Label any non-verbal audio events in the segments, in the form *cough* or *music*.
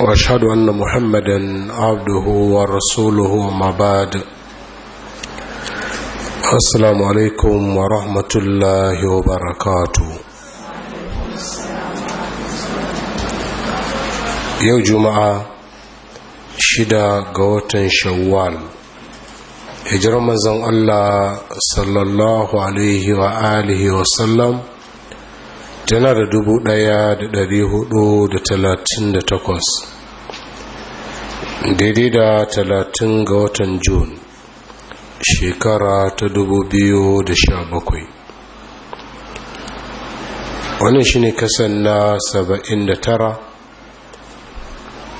واشهد ان محمدا عبده ورسوله وما بعد السلام عليكم ورحمه الله وبركاته يوم جمعه شدا غوتن شوال هجر من الله صلى الله عليه واله وسلم tana da dubu ɗaya da ɗari hudu da talatin da takwas daidai da talatin ga watan Jun shekara ta dubu biyu da sha bakwai wannan shi ne kasan na saba'in da tara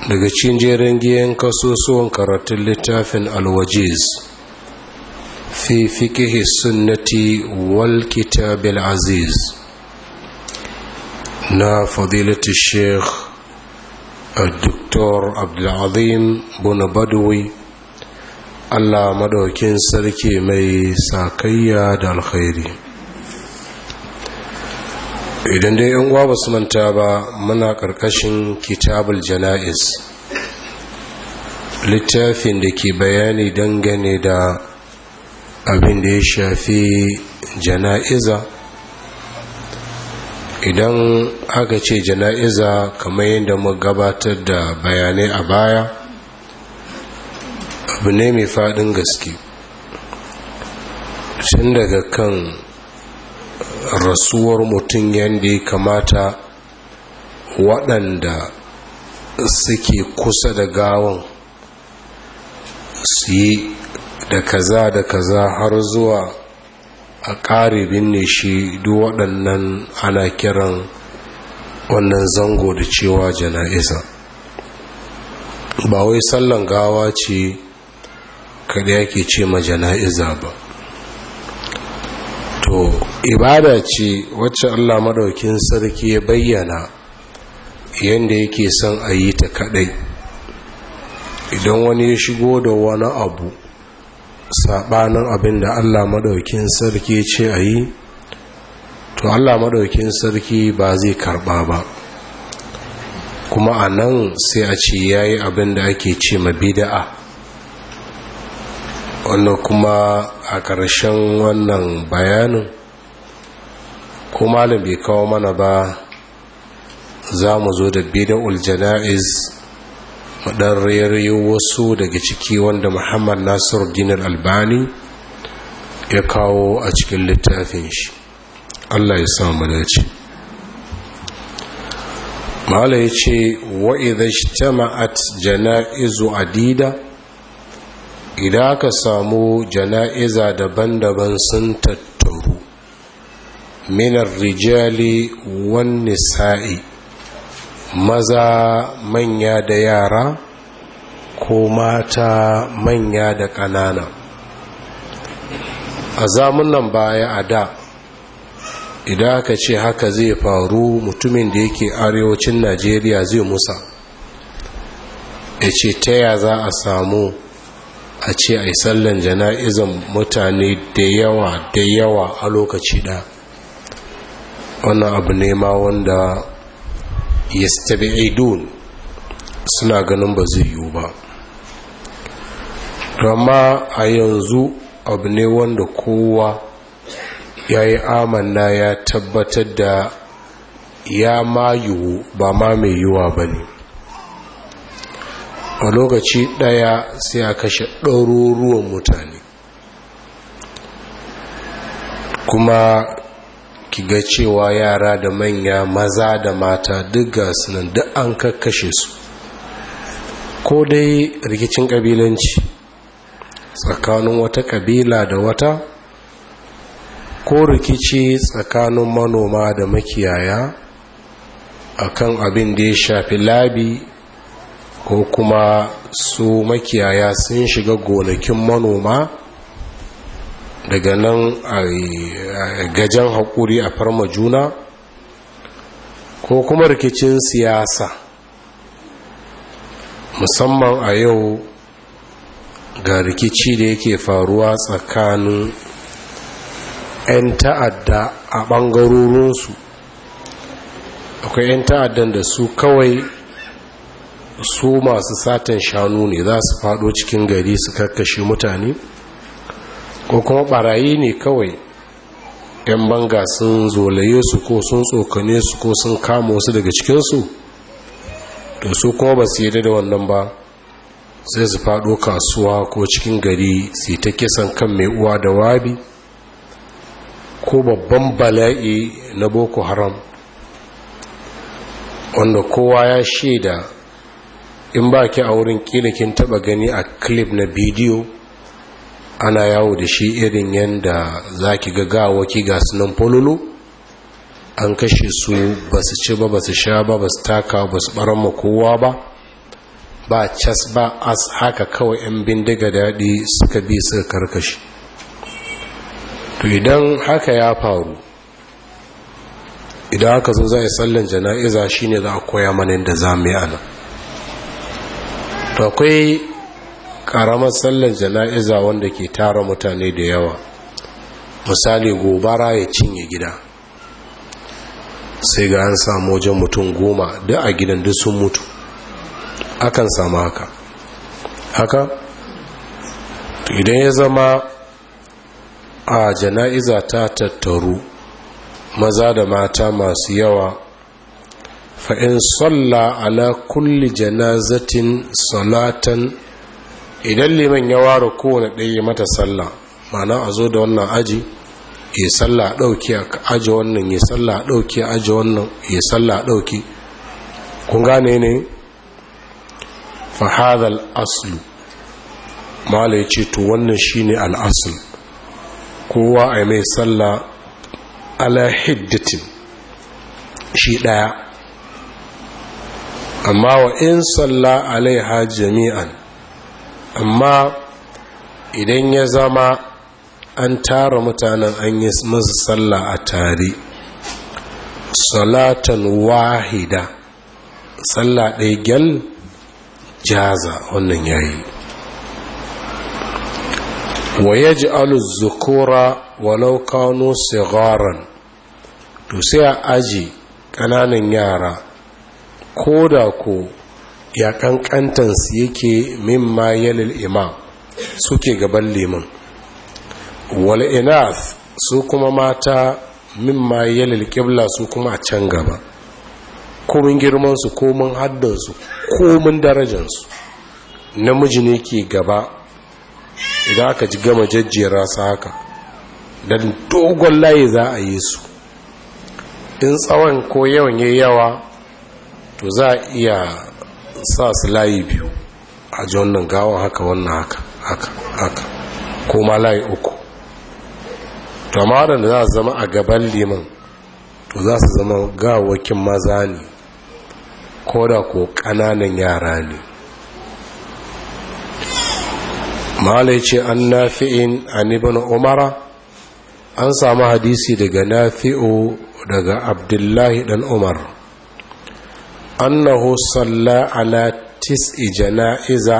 daga cikin jerin giyan kasusuwan karatun littafin alwajiz fi fikihi sunnati wal kitabil aziz na fadilati sheikh الدكتور عبد العظيم بن Allah maɗaukin sarki mai sakayya da alkhairi idan dai yan uwa basu manta ba muna ƙarƙashin kitabul jana'iz littafin da ke bayani dangane da abin da ya shafi jana'iza idan aka ce jana'iza kamar yadda mu gabatar da bayanai a baya abu ne mai faɗin gaske Shin daga kan rasuwar mutum yadda ya kamata waɗanda suke kusa da gawon su yi da kaza da kaza har zuwa a ƙare binne shi duk waɗannan ana kiran wannan zango da cewa jana'iza ba wai sallan gawa ce kada yake ce ma jana'iza ba to ibada ce wacce allah maɗaukin sarki ya bayyana yadda yake son a yi ta kaɗai idan wani ya shigo da wani abu saɓanin abin da allah maɗaukin sarki ce a yi to allah maɗaukin sarki ba zai karɓa ba kuma a nan sai a ce ya yi abin da ake ce ma bida'a wannan kuma a ƙarshen wannan bayanin ko da bai kawo mana ba za mu zo da bida'ul jana'iz maɗan rairayo wasu daga ciki wanda muhammad nasiru dinar albani ya kawo a cikin littafin shi allah ya samu dace mala ya ce wa'iza shtama'at jana'izu adida idan aka samu jana'iza daban-daban sun tattaru minar rijali wani sa'i. maza manya da yara ko mata manya da ƙanana a zamunan baya a da idan aka ce haka zai faru mutumin da yake arewacin najeriya zai musa ya ce ta ya za a samu a ce a yi sallan jana'izan mutane da yawa da yawa a lokaci da wannan abu ne ma wanda yastabi'idun suna ganin ba zai yiwu ba rama a yanzu abu ne wanda kowa ya yi amanna ya tabbatar da ya ma yiwu ba ma mai yiwuwa ba ne a lokaci ɗaya sai a kashe ɗaruruwan mutane kuma ki ga cewa yara da manya maza da mata duk gasu duk an kakkashe su ko dai rikicin kabilanci tsakanin wata kabila da wata ko rikici tsakanin manoma da makiyaya akan abin da ya shafi labi ko kuma su makiyaya sun shiga gonakin manoma daga nan a gajen haƙuri a farma juna ko kuma rikicin siyasa musamman a yau ga rikici da yake faruwa tsakanin 'yan ta'adda a ɓangarorinsu akwai 'yan ta'addan da su kawai su masu satan shanu ne za su faɗo cikin gari su karkashe mutane ko kuma barayi ne kawai yan banga sun zolaye su ko sun tsokane su ko sun kama wasu daga cikinsu to su kuma ba su yi da wannan ba sai su fado kasuwa ko cikin gari su ta kisan kan mai uwa da wabi ko babban bala'i na boko haram wanda kowa ya shaida in ba ki a wurin kila kin taba gani a clip na bidiyo ana yawo da shi irin yadda za ki ga gawaki ga nan fololo an kashe su ba su ci ba ba su sha ba ba su taka ba su baron ma kowa ba ba cas ba as haka kawai 'yan bindiga daɗi suka bi suka karkashi to idan haka ya faru idan haka zo za yi tsallon jana'iza shine za a koya mana da za mu yi ana to akwai ƙaramar sallar jana'iza wanda ke tara mutane da yawa misali gobara ya cinye gida sai ga an samu wajen mutum goma da a gidan duk sun mutu akan samu haka haka idan ya zama a jana'iza ta tattaru maza da mata masu yawa fa'in salla ala kulli janazatin salatan idan liman ya ware kowane ɗaya mata sallah mana a zo da wannan aji ya sallah ɗauki a aji wannan ya sallah ɗauki a aji wannan ya sallah ɗauki kun gane ne fahadar aslu mala ya ce to wannan shine al'asul kowa a mai sallah ala shi ɗaya amma wa in sallah alaiha jami'an amma idan ya zama an tara mutanen an yi masu sallah a tare salatan wahida sallah ɗaya gyal jaza wannan yayi wa ya ji zukura walau kano sigaran to sai a aji ƙananan yara ko da ko ya kankantansu yake min yalil imam suke gaban liman wal su kuma mata min yalil kibla su kuma can gaba komin girmansu komin haddansu komin darajansu namiji ne ke gaba idan aka ji gama jajjera su haka don dogon layi za a yi su in tsawon ko yawan yayi yawa to za a iya sa su layi biyu a ji wannan gawon haka wannan haka haka haka ko ma layi uku to ma za su zama a gaban liman to za su zama gawakin maza ne ko da ko ƙananan yara ne malai ce an nafi'in an ibn umara an samu hadisi daga nafi'u daga abdullahi dan umar annahu salla ala tis'i jana'iza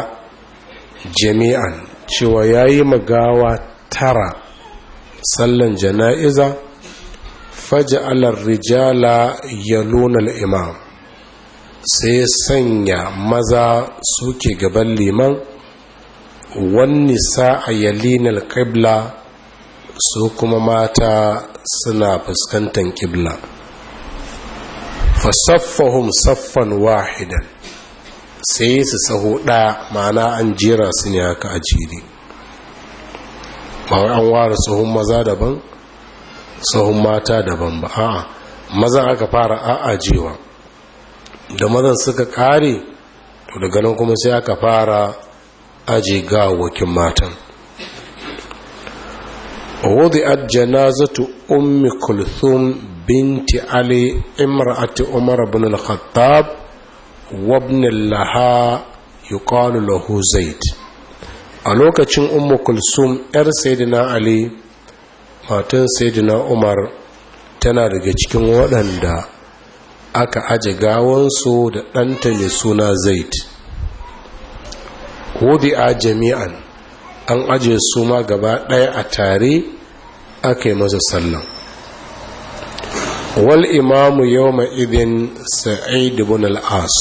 jami'an cewa yayi magawa tara sallan jana'iza faj'ala rijala yaluna al-imam sai sanya maza suke gaban liman wani sa'a yalinar ƙibla su kuma mata suna fuskantar ƙibla fasaffahum saffan wahidan sai su saho ɗaya ma'ana an jera su ne haka a jere ba an ware sahun maza daban sahun mata daban ba a'a maza aka fara a'ajewa da mazan suka kare to daga nan kuma sai aka fara aje gawakin matan wadi ajjanazatu ummi kulthum binti ali umar ibn al a lokacin ummu kulsum yar Saidina ali matan Saidina umar tana daga cikin waɗanda aka aje su da ɗanta mai suna zaid a jami'an an aje su ma gaba ɗaya a tare aka yi masa sallan wal imamu yauma ibin sa'id ibn al-as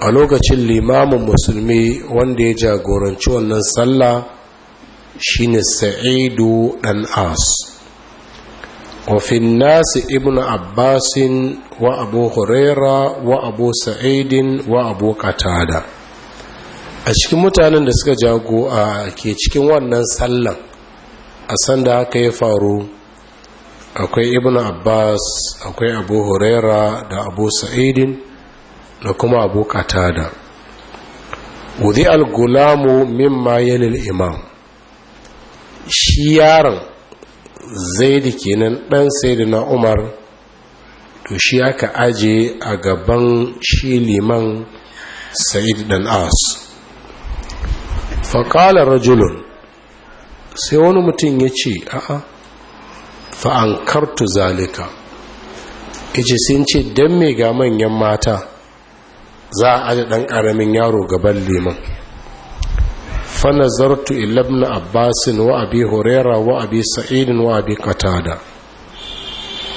a lokacin limamin musulmi wanda ya jagoranci wannan sallah shine sa'idu dan as Ofinnasi الناس ابن عباس وابو هريره وابو سعيد وابو a cikin mutanen da suka jago a ke cikin wannan sallan a sanda haka ya faru akwai ibn abbas akwai abu huraira da abu sa'idin da kuma abu katada wudi al-gulamu mimma yalil imam shi yaron zaidi kenan dan sayyidina umar to shi aka aje a gaban shi liman sa'id dan as qala rajulun sai wani mutum yace ce a'a fa'an kartu zalika ice sun ce don mai ga manyan mata za a aji ɗan ƙaramin yaro gaban liman zartu ilabna abbasin wa abi horera wa abi sa'idin wa abi katada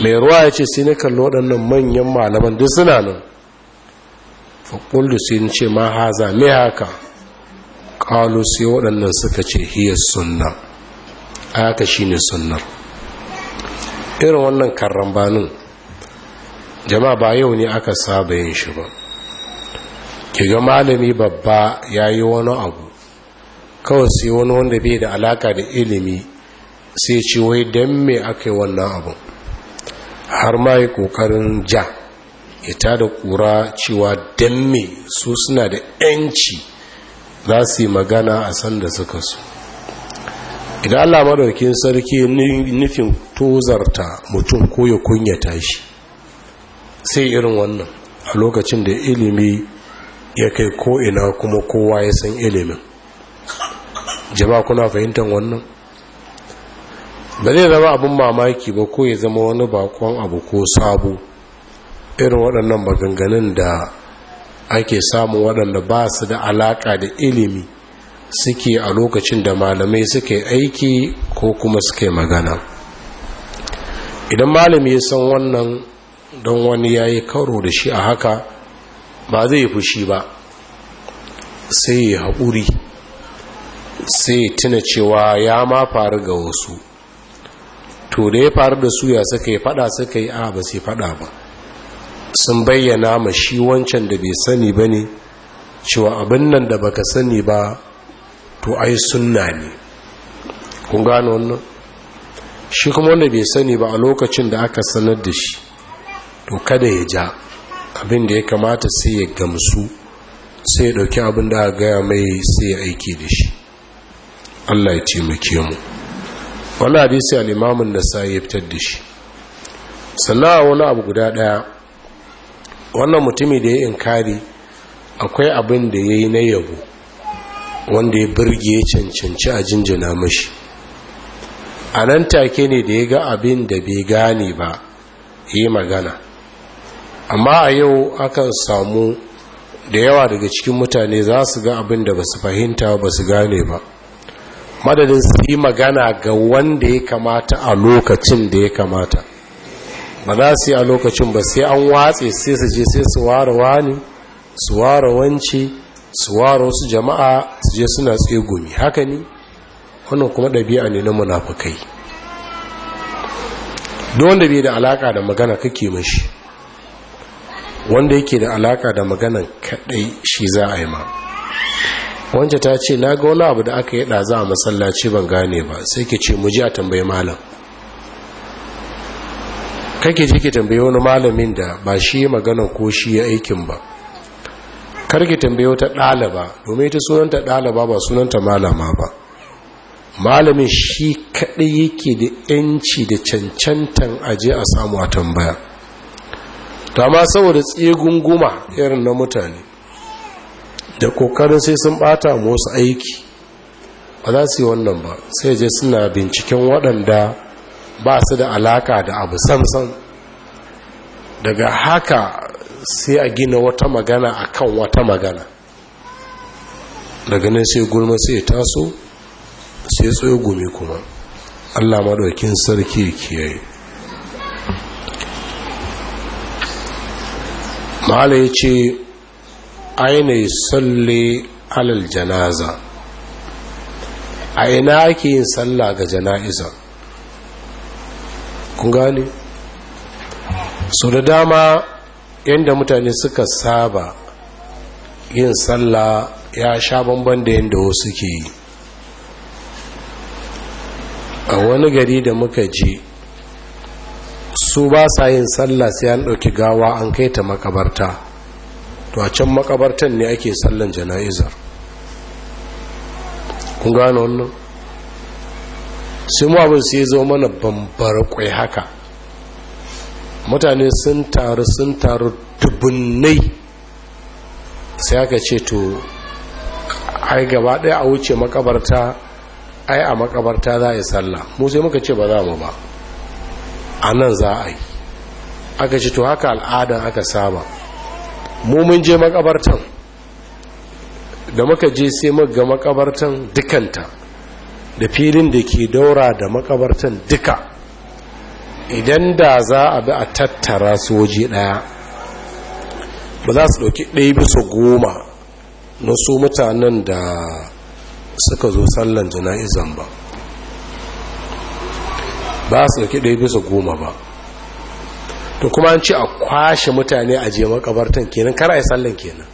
mai ruwa ya ce sai na kalli waɗannan manyan malaman duk suna nan faƙullu sun ce ma haza mai haka ƙalusi waɗannan suka ce hiyar sunna shi ne sunnar irin wannan karrambanin jama'a ba yau ne aka saba yin shi ba ke ga malami babba ya yi wani abu kawai sai wani wanda bai da alaka da ilimi sai ce wai don mai aka yi wannan abu har ma yi kokarin ja ita da kura cewa don mai su suna da 'yanci za su yi magana a sanda suka so. idan Allah madaukin sarki nufin tozarta mutum ko ya kunyata shi sai irin wannan a lokacin da ilimi ya kai ko'ina kuma kowa ya san ilimin jama kuna fahimtar wannan ba zai zama abin mamaki ba ko ya zama wani bakon abu ko sabo irin waɗannan maganganun da ake samun waɗanda ba su da alaƙa da ilimi suke a lokacin da malamai suke aiki ko kuma suke magana idan malami ya san wannan don wani ya yi karo da shi a haka ba zai yi fushi ba sai ya haƙuri sai ya tuna cewa ya ma faru ga wasu to da ya faru da su ya suka yi fada suka yi a ba sai fada ba sun bayyana ma shi wancan da bai sani ba ne cewa abin nan da baka sani ba to ai sunna ne kun gano wannan shi kuma wanda bai sani ba a lokacin da aka sanar da shi to kada ya ja abin da ya kamata sai ya gamsu sai ya dauki abin da aka gaya mai sai ya aiki da shi Allah ya taimake mu wani hadisi al-imamun nasa'i ya fitar da shi sannan wani abu guda daya wannan mutumi da ya inkari akwai abin da ya yi na yabo wanda ya birge cancanci a jinjina mashi a nan take ne da ya ga abin da bai gane ba yi magana amma a yau akan samu da yawa daga cikin mutane za su ga abin da ba su fahimta ba su gane ba madadin su yi magana ga wanda ya kamata a lokacin da ya kamata ba za su yi a lokacin ba sai an watse sai su je sai su ware wani su ware wanci su waro wasu jama'a su je suna tsegumi haka ne wannan kuma ɗabi'a ne na munafukai don wanda bai da alaka da magana kake mashi wanda yake da alaka da magana kaɗai shi za a yi ma wanda ta ce na ga wani abu da aka yi ɗaza a masallaci ban gane ba sai ke ce muji a tambayi malam kake ji ke tambayi wani malamin da ba shi magana ko shi ya aikin ba karki tambayo wata ɗalaba domin ita sunanta ɗalaba ba sunanta malama ba malamin shi kaɗai yake da ‘yanci da cancantan aje a samu a tambaya ta ma saboda tsegunguma irin na mutane da ƙoƙarin sai sun ɓata wasu aiki ba za su yi wannan ba sai je suna binciken waɗanda ba su da alaka da abu samsan daga haka sai a gina wata magana a kan wata magana daga nan sai gulma sai taso sai tsoye gumi kuma allah maɗaukin sarki kiyaye ma'ala ya ce aina yi salle alal janaza a ina ake yin sallah ga jana'iza kun gani so da dama yadda mutane suka saba yin sallah ya sha bamban da yadda wasu ke yi a wani gari da muka je su ba sa yin sallah sai an ɗauki gawa an kai ta makabarta to a can makabartan ne ake sallan jana'izar kun gano wannan sai mu abin sai zo mana bambar kwai haka mutane sun taru sun taru dubunnai sai aka ce to ai gaba ɗaya a wuce makabarta ai a makabarta za a yi sallah mu sai muka ce ba za mu ba a nan za a yi aka ce to haka al'adar aka saba mu mun je makabartan da muka je sai muka makabartan dukanta da filin da ke daura da makabartan duka idan da za a bi a tattara soji ɗaya ba za su ɗauki ɗaya bisa goma na su mutanen da suka zo sallan jana'izan ba ba su ɗauki ɗaya bisa goma ba to kuma an ce a kwashe mutane a jemar kabartan kenan kar a yi sallan kenan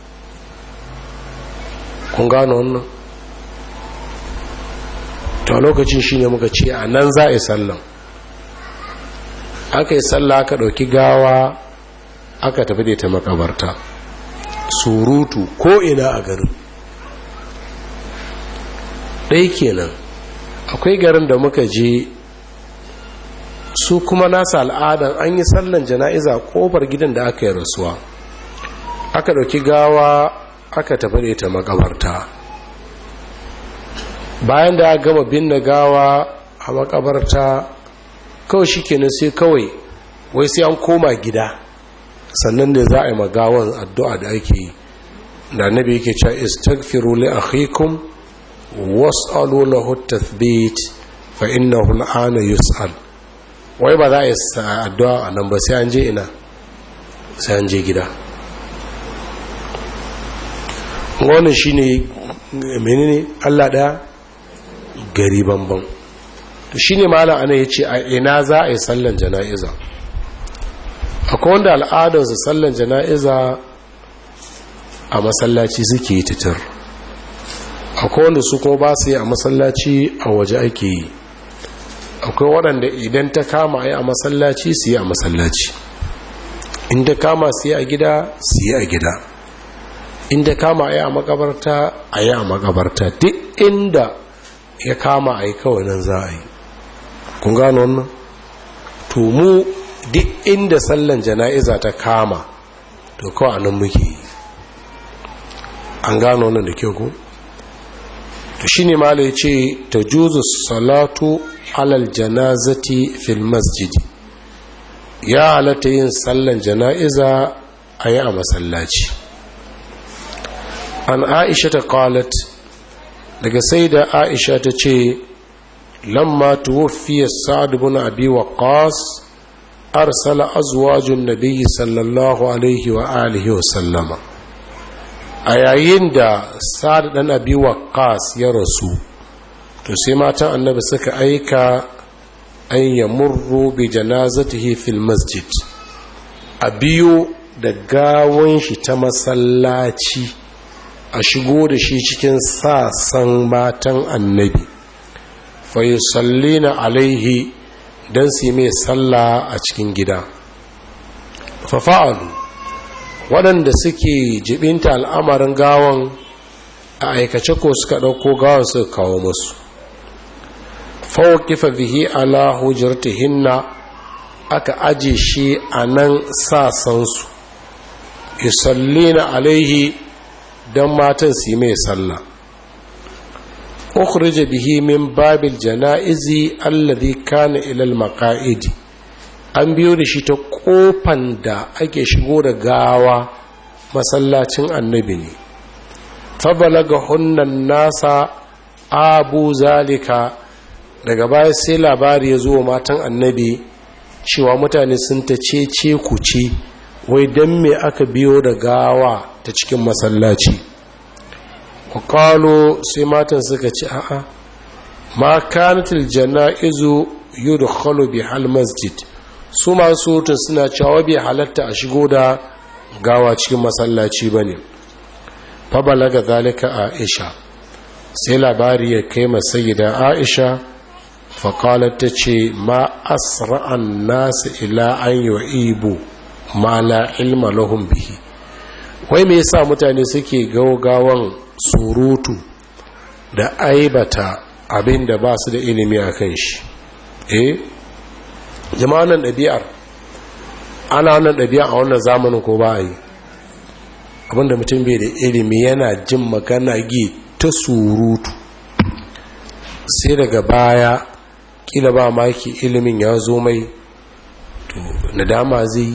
kun gano wannan to lokacin shi shine muka ce a nan za a yi sallan aka yi sallah aka ɗauki gawa aka tafi da ta makabarta surutu ko ina a garin ɗai kenan akwai garin da muka je su kuma nasa al'adan an yi sallan jana'iza ƙofar gidan da aka yi rasuwa aka ɗauki gawa aka tafi da ta makabarta bayan da aka gama binne gawa a makabarta kawai shi kenan sai kawai wai sai an koma gida sannan ne za a yi magawan addu'a da ake yi da annabi yake cewa istagfiru li akhikum was'alu lahu tathbit fa innahu al'ana yus'al wai ba za a yi addu'a a nan ba sai an je ina sai an je gida wannan shine menene Allah ɗaya gari banban to shine malam ana ce a ina za a yi sallan jana'iza akwai wanda al'adarsa sallan jana'iza a masallaci suke yi titir akwai wanda su ko ba su yi a masallaci a waje ake yi akwai waɗanda idan ta kama a yi a masallaci su yi a masallaci inda kama su yi a gida su yi a gida inda kama a yi a makabarta a yi a makabarta duk inda ya kama a yi kawai nan za a yi kun gano wannan to mu duk inda sallan jana'iza ta kama to kawai anan muke an gano wannan da kyau ko to shine malai ya ce ta juzu salatu alal janazati fil masjidi ya halatta yin sallan jana'iza a yi a masallaci an aisha ta qalat daga sai da aisha ta ce lamma tuwaffiya sa'ad ibn abi waqqas arsala azwajun nabiyyi sallallahu alaihi wa alihi wa sallama a yayin da sa'ad dan abi waqqas ya rasu to sai matan annabi suka aika an yamurru bi janazatihi fil masjid a biyo da gawon shi ta masallaci a shigo da shi cikin sasan matan annabi fa na alaihi don su yi mai sallah a cikin gida fafa'alu waɗanda suke jibinta al'amarin gawan a aikace ko suka ɗauko gawan suka kawo musu kifa bihi ala hinna aka aje shi a nan sasansu na alaihi don matan su yi mai sallah ukhrija bihi min babil janaizi alladhi kana ila al-maqaid an biyo da shi ta ƙofan da ake shigo da gawa masallacin annabi ne fa ga hunnan nasa abu zalika daga baya sai labari ya zo matan annabi cewa mutane sun ta cece ku ce wai dan me aka biyo da gawa ta cikin masallaci wakalo sai matan suka ci a'a ma kanatil jana'izu yudkhalu bi hal masjid su masu hutun suna cewa bai halatta a shigo da gawa cikin masallaci ba ne. fa ga zalika aisha sai labari ya kai gida aisha faƙalar ta ce ma asra'an nasu ila an yi ibu ma la ilma bihi wai me yasa mutane suke gaugawan surutu da aibata abin da ba su da ilimi a kan shi eh jama'an ɗabi'ar ana wannan ɗabi'a a wannan zamanin ko ba yi abinda mutum bai da ilimi yana jin magana gi ta surutu sai daga baya kila ba maki ilimin ya zo mai to nadama zai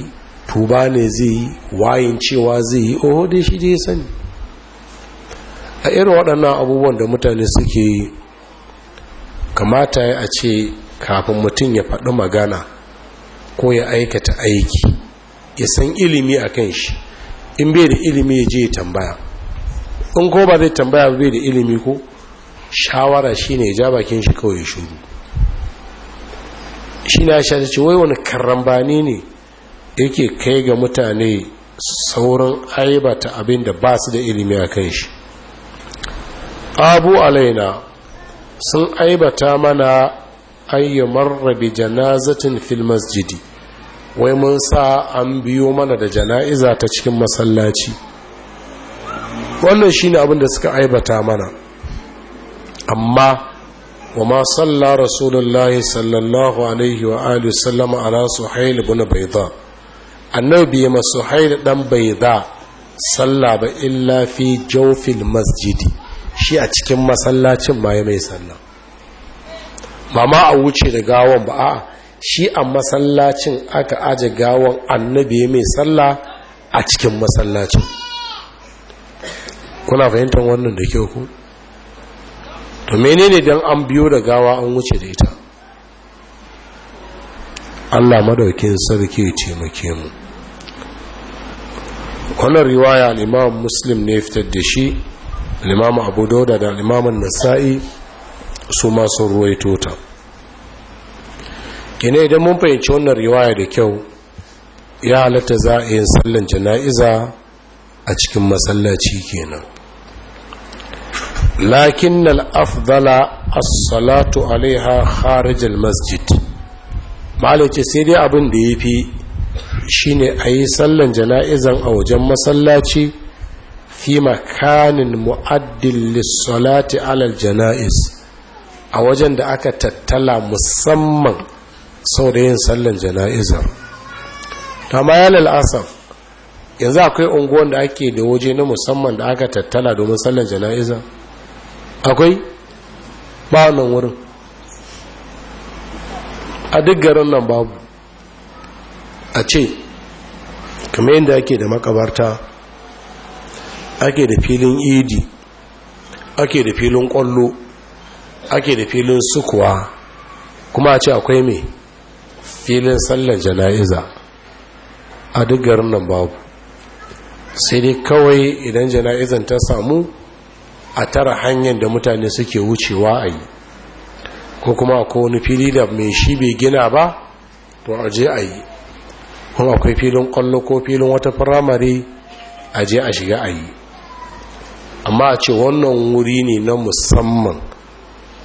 tuba ne zai wayin cewa zai yi "Oh dai shi dai sani a irin waɗannan abubuwan da mutane suke yi kamata ya a ce kafin mutum ya faɗi magana ko ya aikata aiki ya san ilimi a kan shi in bai da ilimi ya je ya tambaya in ko ba zai tambaya bai da ilimi ko shawara shine ya ja bakin shi kawai ya shuru shi na sha ta ce wai wani karambani ne yake kai ga mutane saurin aibata abin da ba su da ilimi a kan shi qabu alaina sun aibata mana ayyu marrabi janazatin fil masjidi wai mun sa an biyo mana da jana'iza ta cikin masallaci wannan shine abin da suka aibata mana amma wama salla rasulullahi sallallahu alaihi wa alihi sallama ala suhail ibn bayda annabi ya masuhail dan bayda salla ba illa fi jawfil masjidi shi a cikin masallacin ma ya mai sallah ma a wuce da gawon ba a shi a masallacin aka aje gawon annabi ya mai sallah a cikin masallacin kuna fahimtar wannan da kyau ku to menene don an biyo da gawa an wuce da ita Allah madaukin sarki taimake mu wannan riwaya al Muslim ne fitar da shi limamu abu dauda da limamun nasa'i su masu ruwai tota kine idan mun fahimci wannan riwaya da kyau ya halatta za a yin sallan jana'iza a cikin masallaci kenan lakin al'afdala as-salatu alaiha kharijal masjid malace sai dai abin da ya fi shine a yi sallan jana'izan a wajen masallaci fi makanin mu'addin lissalati alal jana'is a wajen da aka tattala musamman sau da yin sallan jana'izar ta mayalal asaf yanzu akwai unguwan da ake da waje na musamman da aka tattala domin sallan jana'izar akwai ba wurin a duk garin nan babu a ce kamar yadda ake da makabarta ake da filin idi ake da filin kwallo ake da filin sukuwa kuma a ce akwai mai filin sallar jana'iza a duk garin nan babu sai dai kawai idan jana'izan ta samu a tara hanyar da mutane suke wucewa a yi ko kuma ko wani fili da mai shi bai gina ba to a je a yi kuma akwai filin kwallo ko filin wata firamare a je a shiga a yi amma a ce wannan wuri ne na musamman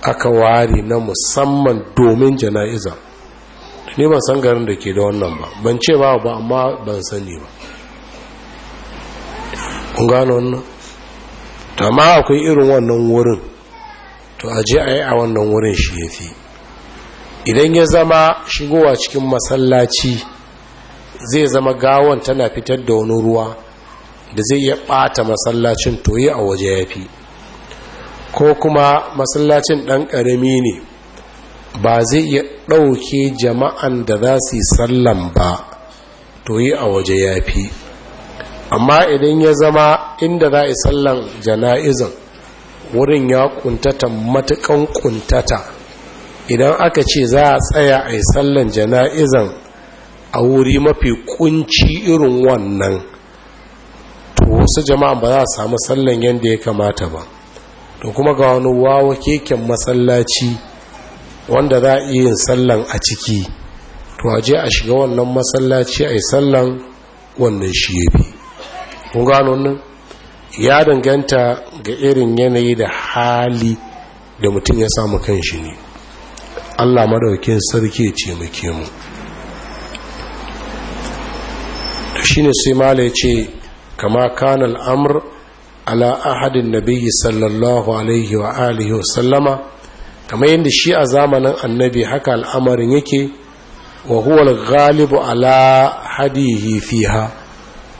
aka ware na musamman domin jana'iza ne ban san garin da ke da wannan ba ban ce ba ba amma ban sani ba kun gano wannan amma akwai irin wannan wurin to a je a yi a wannan wurin shi ya fi idan ya zama shigowa cikin masallaci zai zama gawon tana fitar da wani ruwa da zai iya ɓata masallacin toye a waje ya fi ko kuma masallacin ɗan ƙarami ne ba zai iya ɗauke jama'an da za su yi sallan ba toye a waje ya fi amma idan ya zama inda za a yi sallan jana'izan wurin ya kuntata matukan kuntata idan aka ce za a tsaya a yi sallan jana'izan a wuri mafi kunci irin wannan wasu jama'a ba za a samu sallan yadda ya kamata ba to kuma ga wani wawa keken masallaci wanda za a iya yin sallan a ciki to a je a shiga wannan masallaci a yi sallan wannan shi ya fi kun gano nan ya danganta ga irin yanayi da hali da mutum ya samu kan shi ne allah madaukin sarki ce muke mu shi ne sai mala ya ce kama kana al'amr ala ahadin nabiyyi sallallahu alaihi wa wa sallama kama yadda shi a zamanin annabi haka al'amarin yake wa huwa ghalibu ala fiha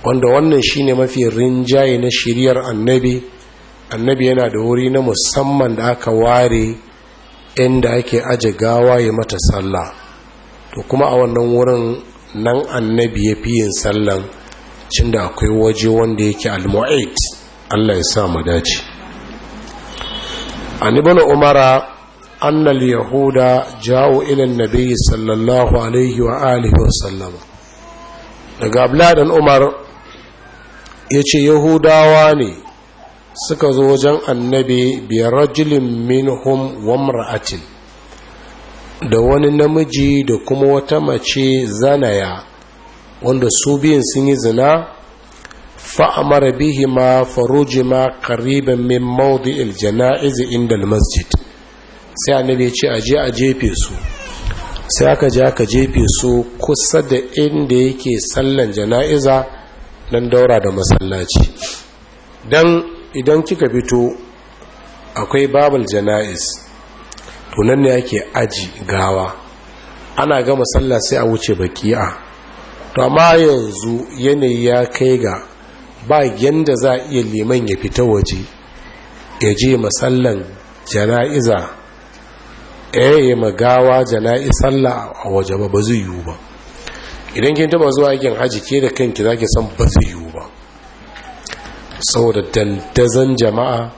wanda wannan shine mafi rinjayi na shiriyar annabi annabi yana da wuri na musamman da aka ware inda ake aje gawa ya mata sallah to kuma a wannan wurin nan annabi ya yin sallan cin da akwai waje wanda yake al Allah ya sa mu dace an umara anna al-yahuda ja'u ila an-nabi sallallahu alaihi wa alihi wa sallam daga abladan umar yace yahudawa ne suka zo wajen annabi bi rajulin minhum wa imra'atin da wani namiji da kuma wata mace zanaya wanda su biyun sun yi zina fa’amar bihi ma faruji ma kariban min maudi izi inda masjid sai annabi ya ce aje a jefe su sai aka je aka jefe su kusa da inda yake sallan jana'iza don daura da masallaci don idan kika fito akwai babal jana'iz tunan ne ake aji gawa ana gama sallah sai a wuce baki'a to amma yanzu yanayi ya kai ga ba yanda za a iya liman ya fita waje ya je masallan jana'iza ya yi magawa jana'i tsalla a waje ba ba zai yiwu ba idan kin taba zuwa yakin haji ke da kanki zaki san ba zai yiwu ba saboda dandazan jama'a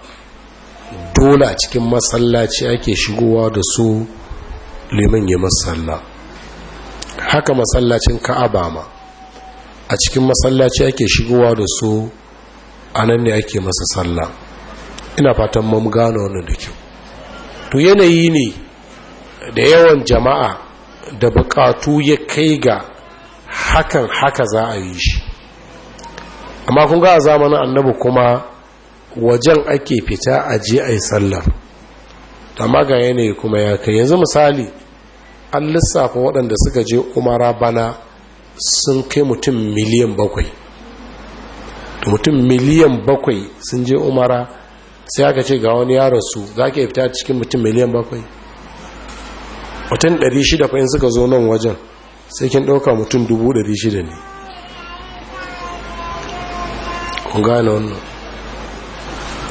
dole a cikin masallaci ake shigowa da su liman ya masalla haka masallacin ka'aba ma a cikin masallaci ake shigowa da su a nan ne ake masa sallah ina fatan mun gano wannan da kyau to yanayi ne da yawan jama'a da bukatu ya kai ga hakan haka za a yi shi amma kun ga a zamanin annabi kuma wajen ake fita a je a yi sallar amma ga yanayi kuma ya kai yanzu misali an lissafa waɗanda suka je umara bana sun kai mutum miliyan bakwai mutum miliyan bakwai sun je umara sai aka ce ga wani yaron su za ka fita cikin mutum miliyan bakwai mutum 600 fahim suka zo nan wajen sai kin ɗauka mutum 600 ne kun gane wannan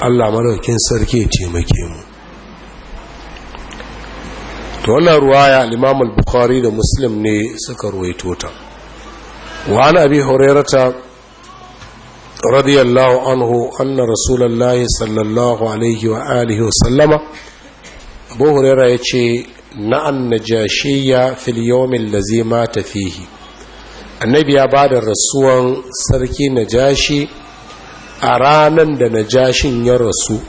allah maraukin sarki ya taimake mu to wannan ruwaya al-imam al-bukhari da muslim ne suka ruwaito ta wa an abi hurairata radiyallahu anhu anna rasulullahi sallallahu alaihi wa alihi wa sallama abu hurairah yace na'an najashiyya fil yawm allazi mata fihi annabi ya bada rasuwan sarki najashi a ranan da najashin ya rasu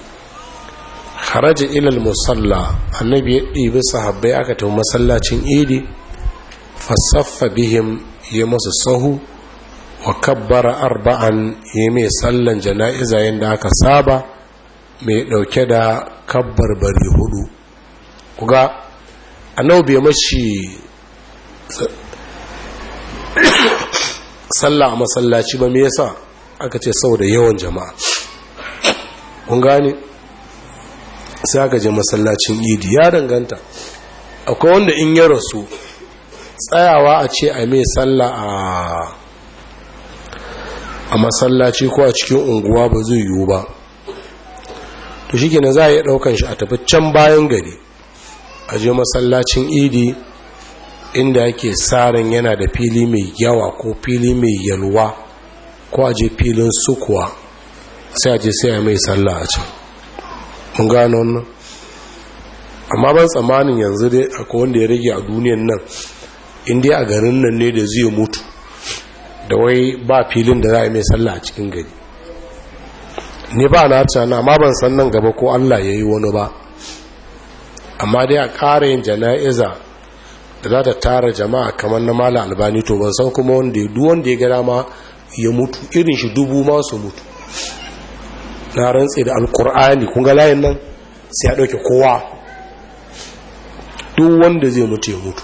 kharaja ilal musalla annabi ya ɗibi sahabbai aka tafi masallacin idi fasaffa bihim ya masu sahu wa kabbara arba'an ya mai sallan jana'iza yadda aka saba mai ɗauke da kabbar bari hudu kuga annabi ya mashi sallah a masallaci ba me yasa aka ce sau da yawan jama'a kun sai aka je masallacin idi ya danganta akwai wanda in ya rasu tsayawa a ce a mai salla a a masallaci ko a cikin unguwa ba zai yiwu ba to shi kenan za a yi ɗaukan shi a tafi can bayan gari a je masallacin idi inda yake tsarin yana da fili mai yawa ko fili mai yalwa ko a je filin sukuwa sai a je sai a mai salla a can mun gano wannan amma ban tsammanin yanzu dai akwai wanda ya rage a duniyan nan inda a garin nan ne da zai mutu da wai ba filin da za a yi mai sallah a cikin gari ne ba na cana amma ban san nan gaba ko allah ya yi wani ba amma dai a ƙara yin jana'iza da za ta tara jama'a kamar na mala albani to ban san kuma wanda ya duwanda ya gada ma ya mutu irin shi dubu ma su mutu na rantse da alkur'ani kun ga layin nan sai ya ɗauke kowa duk wanda zai mutu ya mutu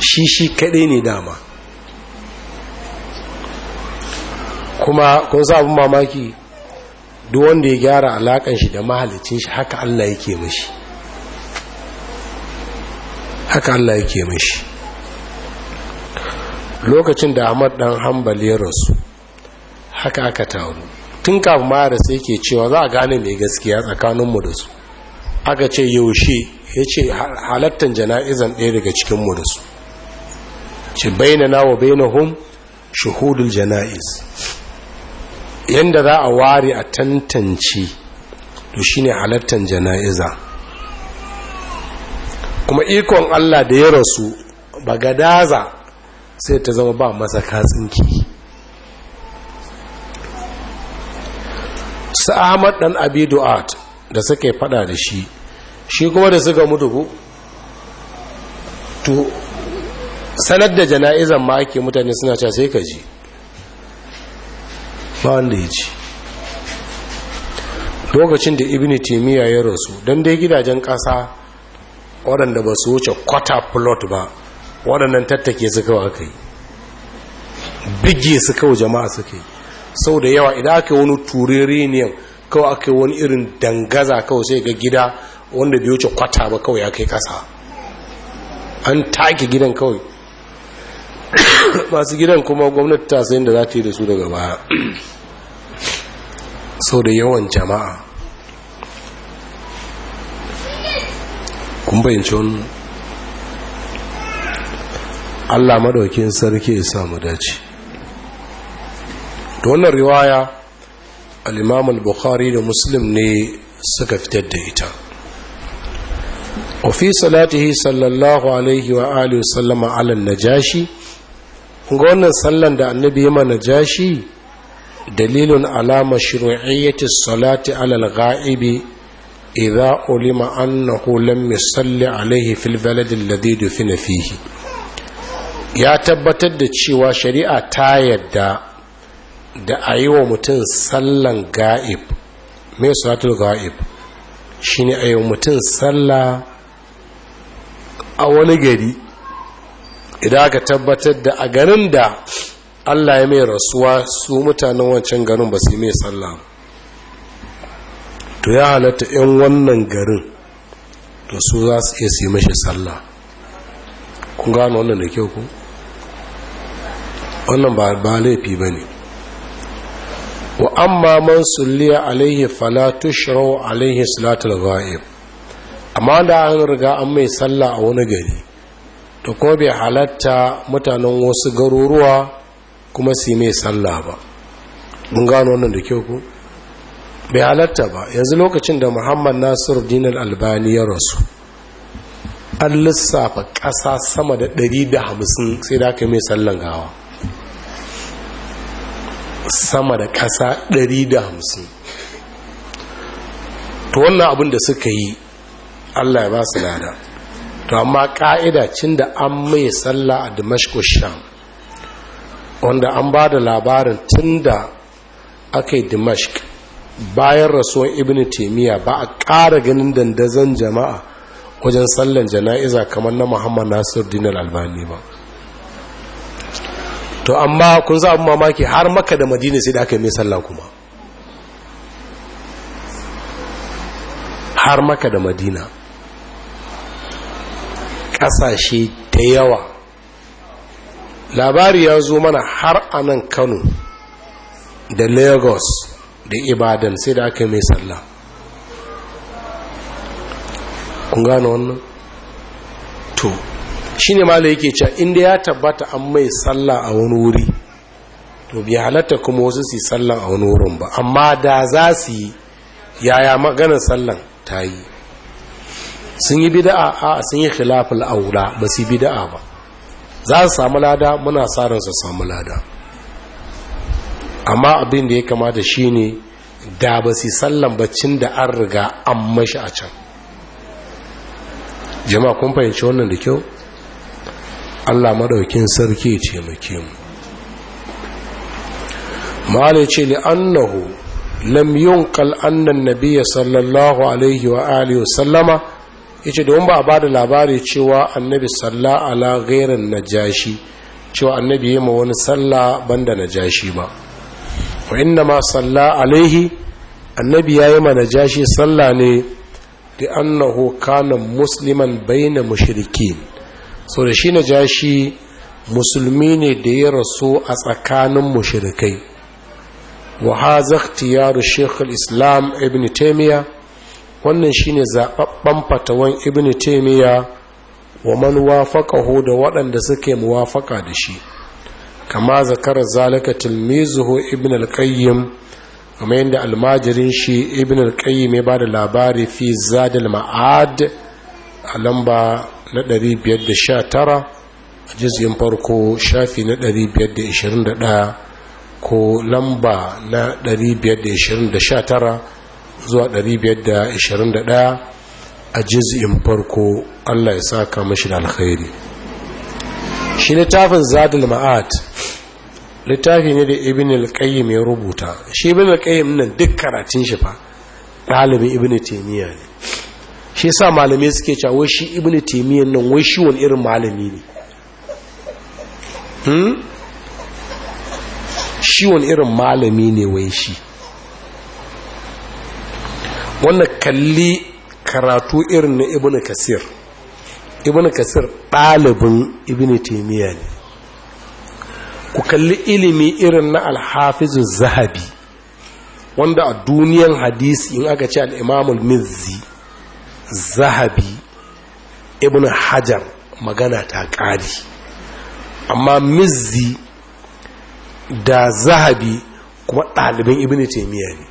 shi shi kaɗai ne dama kuma kun sa abin mamaki duk wanda ya gyara alaƙan shi da mahalicin shi haka Allah yake mashi haka Allah yake mashi lokacin da Ahmad dan hambali ya rasu haka aka taru tun kafin ma da sai ke cewa za a gane mai gaskiya tsakaninmu da su aka ce yaushe ya ce halattar jana'izan ɗaya daga cikinmu da su ce bayna na wa bayna hum shahudul jana'iz yadda za a ware a tantance to shi ne halattar jana'iza kuma ikon Allah da ya rasu ba bagadaza sai ta zama ba masa katsinki su ahmad dan abi du'at da suke fada da shi shi kuma da suka mutu to sanar da jana'izan ma ake mutane suna cewa sai ka ji ba wanda ya ci lokacin da ibn timiya ya rasu don dai gidajen kasa waɗanda ba su wuce kwata plot ba waɗannan tattake su kawai aka yi bigge su kawo jama'a suka yi sau da yawa idan aka wani turereniyan kawai aka wani irin dangaza kawai sai ga gida wanda bai wuce kwata ba kawai ya kai kasa an take gidan kawai *coughs* masu gidan kuma gwamnati ta sayin da za ta yi da su daga baya *coughs* sau da yawan jama'a kun bayyance allah madaukin sarki ya samu dace Da wannan riwaya al bukhari da muslim ne suka fitar da ita wafi salatihi sallallahu alaihi wa alihi sallama alan najashi ga wannan sallan da annabi ya najashi dalilun alama shuru'iyyati salati alal ghaibi idza ulima annahu lam yusalli alaihi fil balad alladhi dufina fihi ya tabbatar da cewa shari'a ta yadda da a yi wa mutum sallan ga'ib mai salatul ga'ib shi ne a yi wa mutum salla a wani gari idan aka tabbatar da a garin da allah ya mai rasuwa su mutanen wancan garin ba su mai salla to ya halatta 'yan wannan garin to su za su iya su yi mashi salla kun gano wannan da kyau ku wannan ba laifi ba ne wa amma man sulliya alaihi fala tushrau alaihi salatul ghaib amma da an riga an mai sallah a wani gari to ko bai halatta mutanen wasu garuruwa kuma su mai sallah ba mun gano wannan da kyau ku bai halatta ba yanzu lokacin da muhammad nasiru dinar albani ya rasu an lissafa ƙasa sama da 150 sai da aka mai sallan gawa sama da ƙasa 150 to wannan abin da suka yi allah ya ba su lada to amma ƙa'ida cin da an mai sallah a damashko sham wanda an ba da labarin tun da aka yi damashk bayan rasuwan ibn taimiyya ba a ƙara ganin dandazon jama'a wajen sallan jana'iza kamar na muhammad Nasiru dinar albani ba to amma kun za mamaki har maka da madina sai da aka yi mai sallah kuma har maka da madina ƙasashe ta yawa labari ya zo mana har anan kano da lagos da ibadan sai da aka yi mai sallah kun gano wannan to shine malai yake cewa inda ya tabbata an mai sallah a wani wuri to bi halatta kuma wasu su sallan a wani wurin ba amma da za su yi yaya magana sallan ta yi sun yi bida'a a sun yi khilaful aula ba su yi bida'a ba za su samu lada muna sa ran su samu lada amma abin da ya kamata shine da ba su sallan baccin da an riga an mashi a can jama'a kun fahimci wannan da kyau Allah madaukin sarki ce muke mu mala ce li annahu lam yunqal anna an-nabiy sallallahu alaihi wa alihi sallama yace don ba a da labari cewa annabi salla ala ghairin najashi cewa annabi yayi ma wani sallah banda najashi ba wa inna ma salla alaihi annabi yayi ma najashi sallah ne li annahu kana musliman bayna mushrikin so da shi na ja shi musulmi ne da ya rasu a tsakanin mushrikai wa hadha ikhtiyaru islam ibn taimiyya wannan shi ne zaɓaɓɓen fatawan ibn taimiyya wa man wafaqahu da waɗanda suke muwafaƙa da shi kama zakar zalika tilmizuhu ibn alƙayyim kuma yadda almajirin shi ibn alƙayyim ya ba da labari fi zadil ma'ad a lamba na 519 a jizgin farko shafi na 521 ko lamba na 529 zuwa 521 a jizgin farko allah ya saka mashi da alkhairi shi littafin zadul ma'at littafi ne da ibn al-qayyim ya rubuta shi ibn al-qayyim nan duk karatun shi fa ɗalibin ibn taymiya ne shi sa malamai suke cewa shi ibn nan wai shi wani irin malami ne hmm shi wani irin malami ne wai shi wannan kalli karatu irin na ibn kasir ibn kasir ɗalibin ibn taimiyya ne ku kalli ilimi irin na alhafizu zahabi wanda a duniyan hadisi in aka ce al'imamul mizzi zahabi ibn hajar magana ta ƙari amma mizzi da zahabi kuma ɗaliban ibn taimiyya ne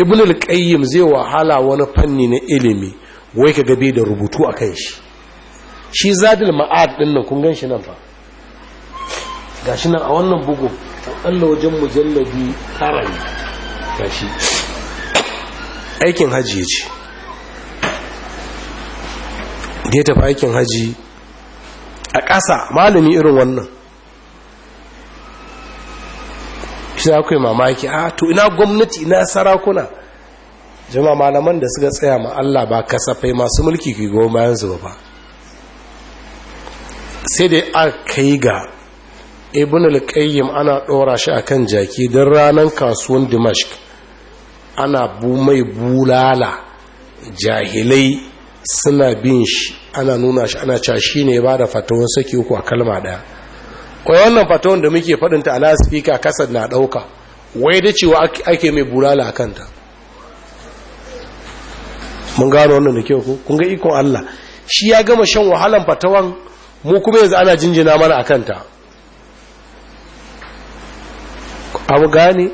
ibn al zai wahala wani fanni na ilimi wai ka gabe da rubutu a kan shi shi zadil ma'ad ɗin nan kun gan shi nan fa ga shi nan a wannan bugu aƙalla wajen mujallabi ƙarari ga shi aikin hajji ya ce da ya tafi aikin haji a ƙasa malami irin wannan shi za ku yi mamaki a ah, to ina gwamnati ina sarakuna jama malaman da suka tsaya ma Allah ba kasafai masu mulki ke goma bayan zuwa ba sai dai aka yi ga ibn al-qayyim ana ɗora shi akan jaki don ranar kasuwan dimashq ana bu mai bulala jahilai suna bin shi ana nuna shi ana cewa shi ne ba da fatawar saki uku a kalma ɗaya Wai wannan fatawar da muke faɗinta ala fika kasar na ɗauka wai da cewa ake mai bulala a kanta mun gano wannan da kyau kun ga ikon allah shi ya gama shan wahalan fatawan mu kuma yanzu ana jinjina mana a kanta abu gane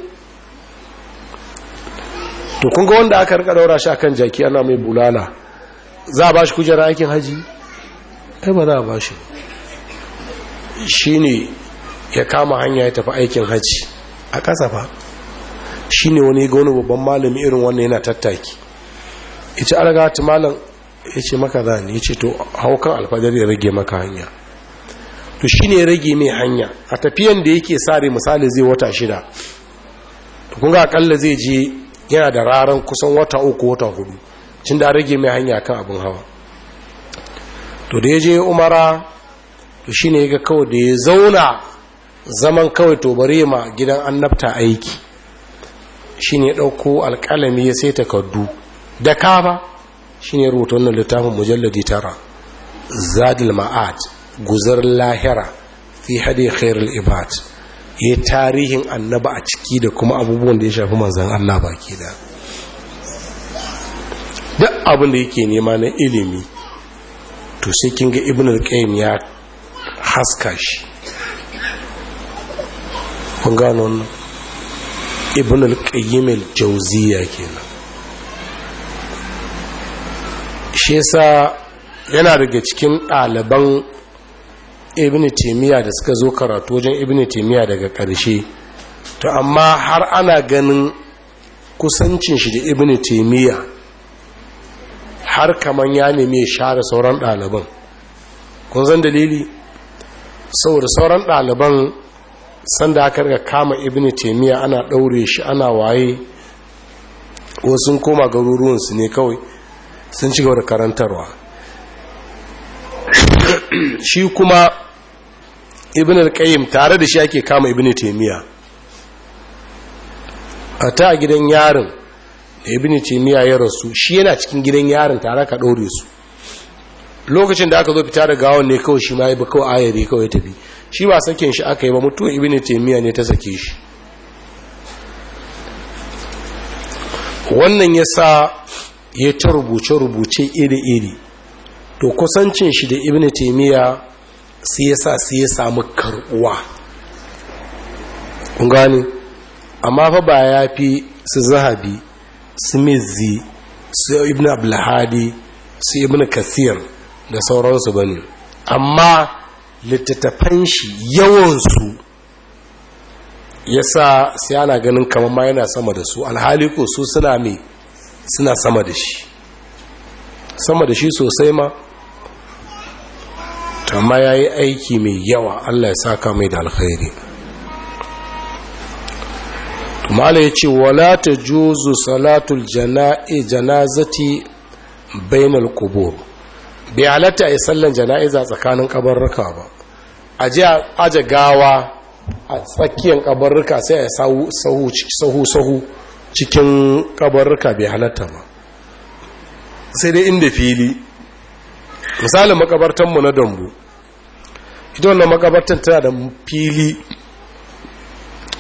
to kun ga wanda aka rika daura shi akan jaki ana mai bulala za a ba shi kujera aikin haji ai ba za a ba shi shi ne ya kama hanya ya tafi aikin haji a ƙasa ba shi ne wani ga babban malami irin wannan yana tattaki ya ce alaga ta malam ya ce maka za ya ce to haukan alfadar ya rage maka hanya to shi ne ya rage mai hanya a tafiyan da yake sare misali zai wata shida kunga akalla zai je yana da raran kusan wata uku wata hudu cin da rage mai hanya kan abin hawa to da ya je umara to shi ne ga kawai da ya zauna zaman kawai to bare ma gidan annabta aiki shi ne ɗauko alƙalami ya sai takardu da kafa shi ne rubuta wannan littafin mujalladi tara zadil ma'ad guzar lahira fi hadi khairul ibad ya tarihin annaba a ciki da kuma abubuwan da ya shafi manzan Allah baki da duk abin da yake nema na ilimi to sai kin ga ibn al-qayyim ya haska shi kun gano wannan ibn al-qayyim al-jawziya kenan shi yasa yana daga cikin ɗaliban ibn taymiya da suka zo karatu wajen ibn taymiya daga ƙarshe to amma har ana ganin kusancin shi da ibn taymiya har kaman ya nemi share sauran ɗaliban kun zan dalili saboda sauran ɗaliban sanda aka riga kama ibini taimiyya ana ɗaure shi ana waye wasu koma garuruwansu ne kawai sun ci gaba da karantarwa *coughs* shi kuma ibn al tare da shi ake kama ibn taimiyya a ta gidan yarin ibn taymiya ya rasu shi yana cikin gidan yarin tare ka ɗaure su lokacin da aka zo fita da gawon ne kawai shi ma ya kawai ayari kawai tafi shi ba sakin shi aka yi ba mutuwa ibn taymiya ne ta sake shi wannan ya sa ya ta rubuce-rubuce iri-iri to kusancin shi da ibn taimiyya su ya sa su ya samu karbuwa kun amma fa ba ya fi su zahabi su mizzi su ibn abulhadi su ibn kathir da sauransu ba ne amma littattafan shi yawansu ya sa sai ana ganin kamar ma yana sama da su alhali su suna mai suna sama da shi sama da shi sosai ma tamma ya yi aiki mai yawa allah ya saka mai da alkhairi mala ya ce wala ta juzu salatul janazati bainal kubur bai halatta a yi sallan jana'iza tsakanin kabarruka ba a ji aje gawa a tsakiyar kabarruka sai a yi sahu-sahu cikin kabarruka bai halatta ba sai dai inda fili misalin makabartanmu na dambu ita wannan makabartan tana da fili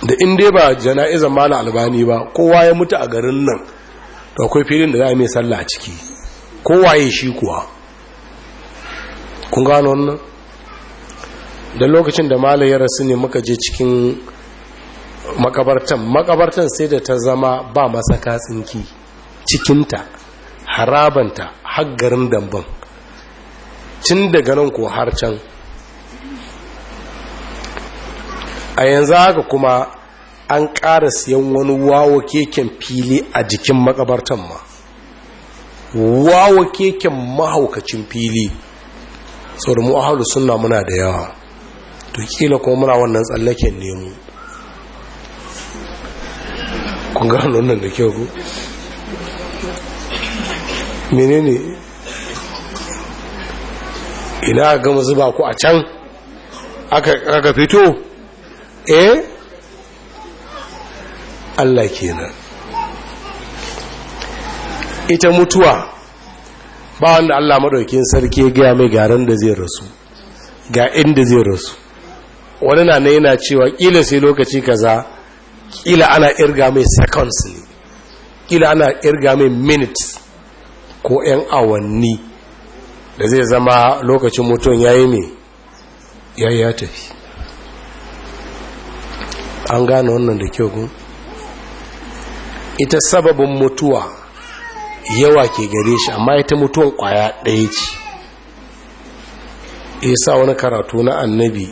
da in dai ba jana'izan mala albani ba kowa ya mutu a garin nan da akwai filin da za a mai sallah a ciki kowa ya shi kuwa kun gano wannan da lokacin da mala ya rasu ne muka je cikin makabartan makabartan sai da ta zama ba masaka tsinki cikinta harabanta har garin damban tun daga nan ko har can a yanzu haka kuma an ƙara siyan wani wawo keken fili a jikin makabartan ma wawo keken mahaukacin fili sau da mu'ahalu suna muna da yawa to kila kuma muna wannan tsallaken nemo kun gano nan da kyau ku menene ina ga zuba ku a can aka fito eh Allah kenan ita mutuwa ba wanda Allah madaukin sarki ya gaya mai garin da zai rasu ga inda zai rasu wani na na yana cewa kila sai lokaci kaza ƙila ana irga mai seconds ne kila ana irga mai minutes ko 'yan awanni da zai zama lokacin mutum ya yi mai ya ya tafi an gane wannan da kyau gun ita sababin mutuwa yawa ke gare shi amma ita mutuwan kwaya ɗaya ce sa wani karatu na annabi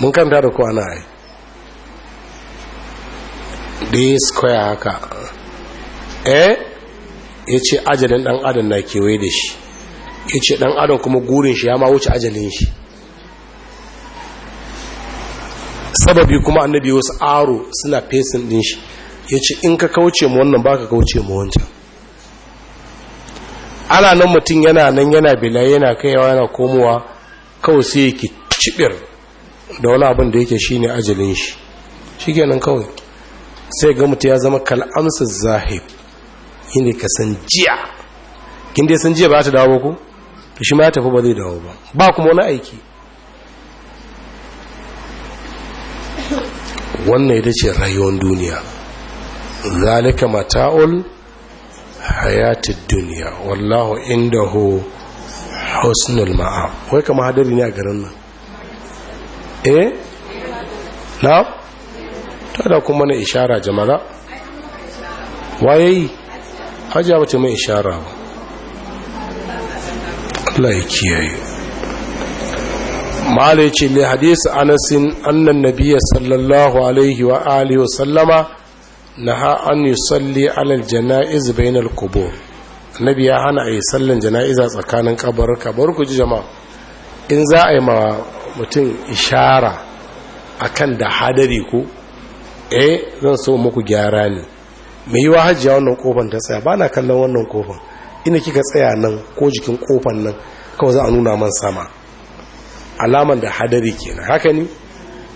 mun kanta da kwana ai ɗaya square haka eh ya ce ajalin ɗan adam na kewaye da shi ya ce ɗan adam kuma gurin shi ya ma wuce ajalin shi sababi kuma annabi wasu aro suna fesin din shi ya ce in ka kauce mu wannan ka kauce mu wancan ana nan mutum yana nan yana bila yana kai kaiwa yana komowa kawai sai yake cibir da wani abin da yake shine ajalin shi shikenan kawai sai ga mutum ya zama kal'amsa zahib yine ka san jiya kin dai san jiya ba ta dawo ko to shi ma ya tafi ba zai dawo ba ba kuma wani aiki wannan ita ce rayuwar duniya zalika mata'ul hayatid duniya wallahu indahu husnul ma'a wai kama hadari ne a garin nan eh na ta da kuma na ishara jama'a waye yi hajiya bata mai ishara ba Allah ya kiyaye malai ce mai hadisi anasin annan nabiya sallallahu alaihi wa alihi wa sallama na ha an yi salli alal jana'iz bainal kubo annabi ya hana a yi sallan jana'iza tsakanin kabarka kabar ku ji jama'a in za a yi ma mutum ishara a kan da hadari ku eh zan so muku gyara ne mai yi wa hajiya wannan kofan ta tsaya ba na kallon wannan kofan ina kika tsaya nan ko jikin kofan nan kawai za a nuna man sama alaman da hadari kenan haka ne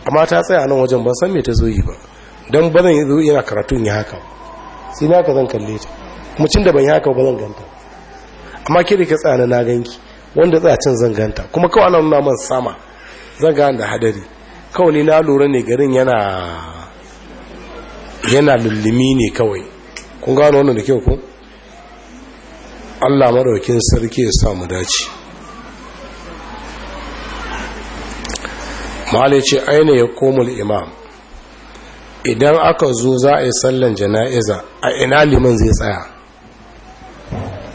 amma ta tsaya nan wajen ban san me ta zo yi ba don ba zan zo yana karatun ne haka sai na ka zan kalle ta kuma cin da ban yi haka ba zan ganta amma ke ka tsaya na ganki wanda tsaya cin zan ganta kuma kawai ana nuna man sama zan ga da hadari kawai ni na lura ne garin yana yana lullumi ne kawai kun gano wannan da kyau ko Allah maraukin sarki ya samu dace malai ce aina ya komul imam idan aka zo za a yi sallan jana'iza a ina liman zai tsaya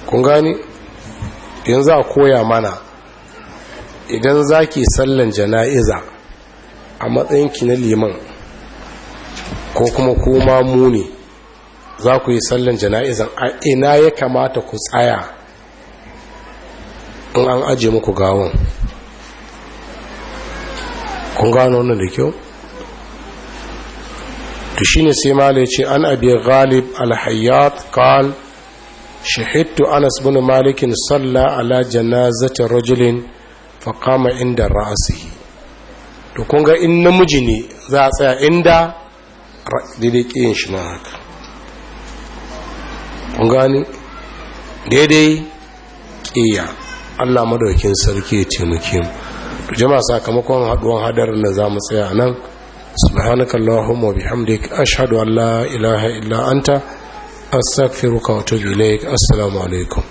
kun gani yanzu a koya mana idan za ki sallan jana'iza a matsayinki na liman ko kuma kuma muni za ku yi sallan jana'izan a ina ya kamata ku tsaya in an aje muku gawon kun gano wannan da kyau to shine sai malai ce an abi ghalib al-hayyat qal shahidtu anas bin malik salla ala janazati rajulin fa qama inda ra'sihi to kun ga in namiji ne za a tsaya inda daidai kiyin shi na haka kun gani daidai kiya Allah madaukin sarki ya taimake mu jama sakamakon haduwan hadarin da za mu tsaya nan subhanaka allahumma bihamdik ashhadu an la ilaha illa anta astaghfiruka wa atubu ilaik assalamu alaikum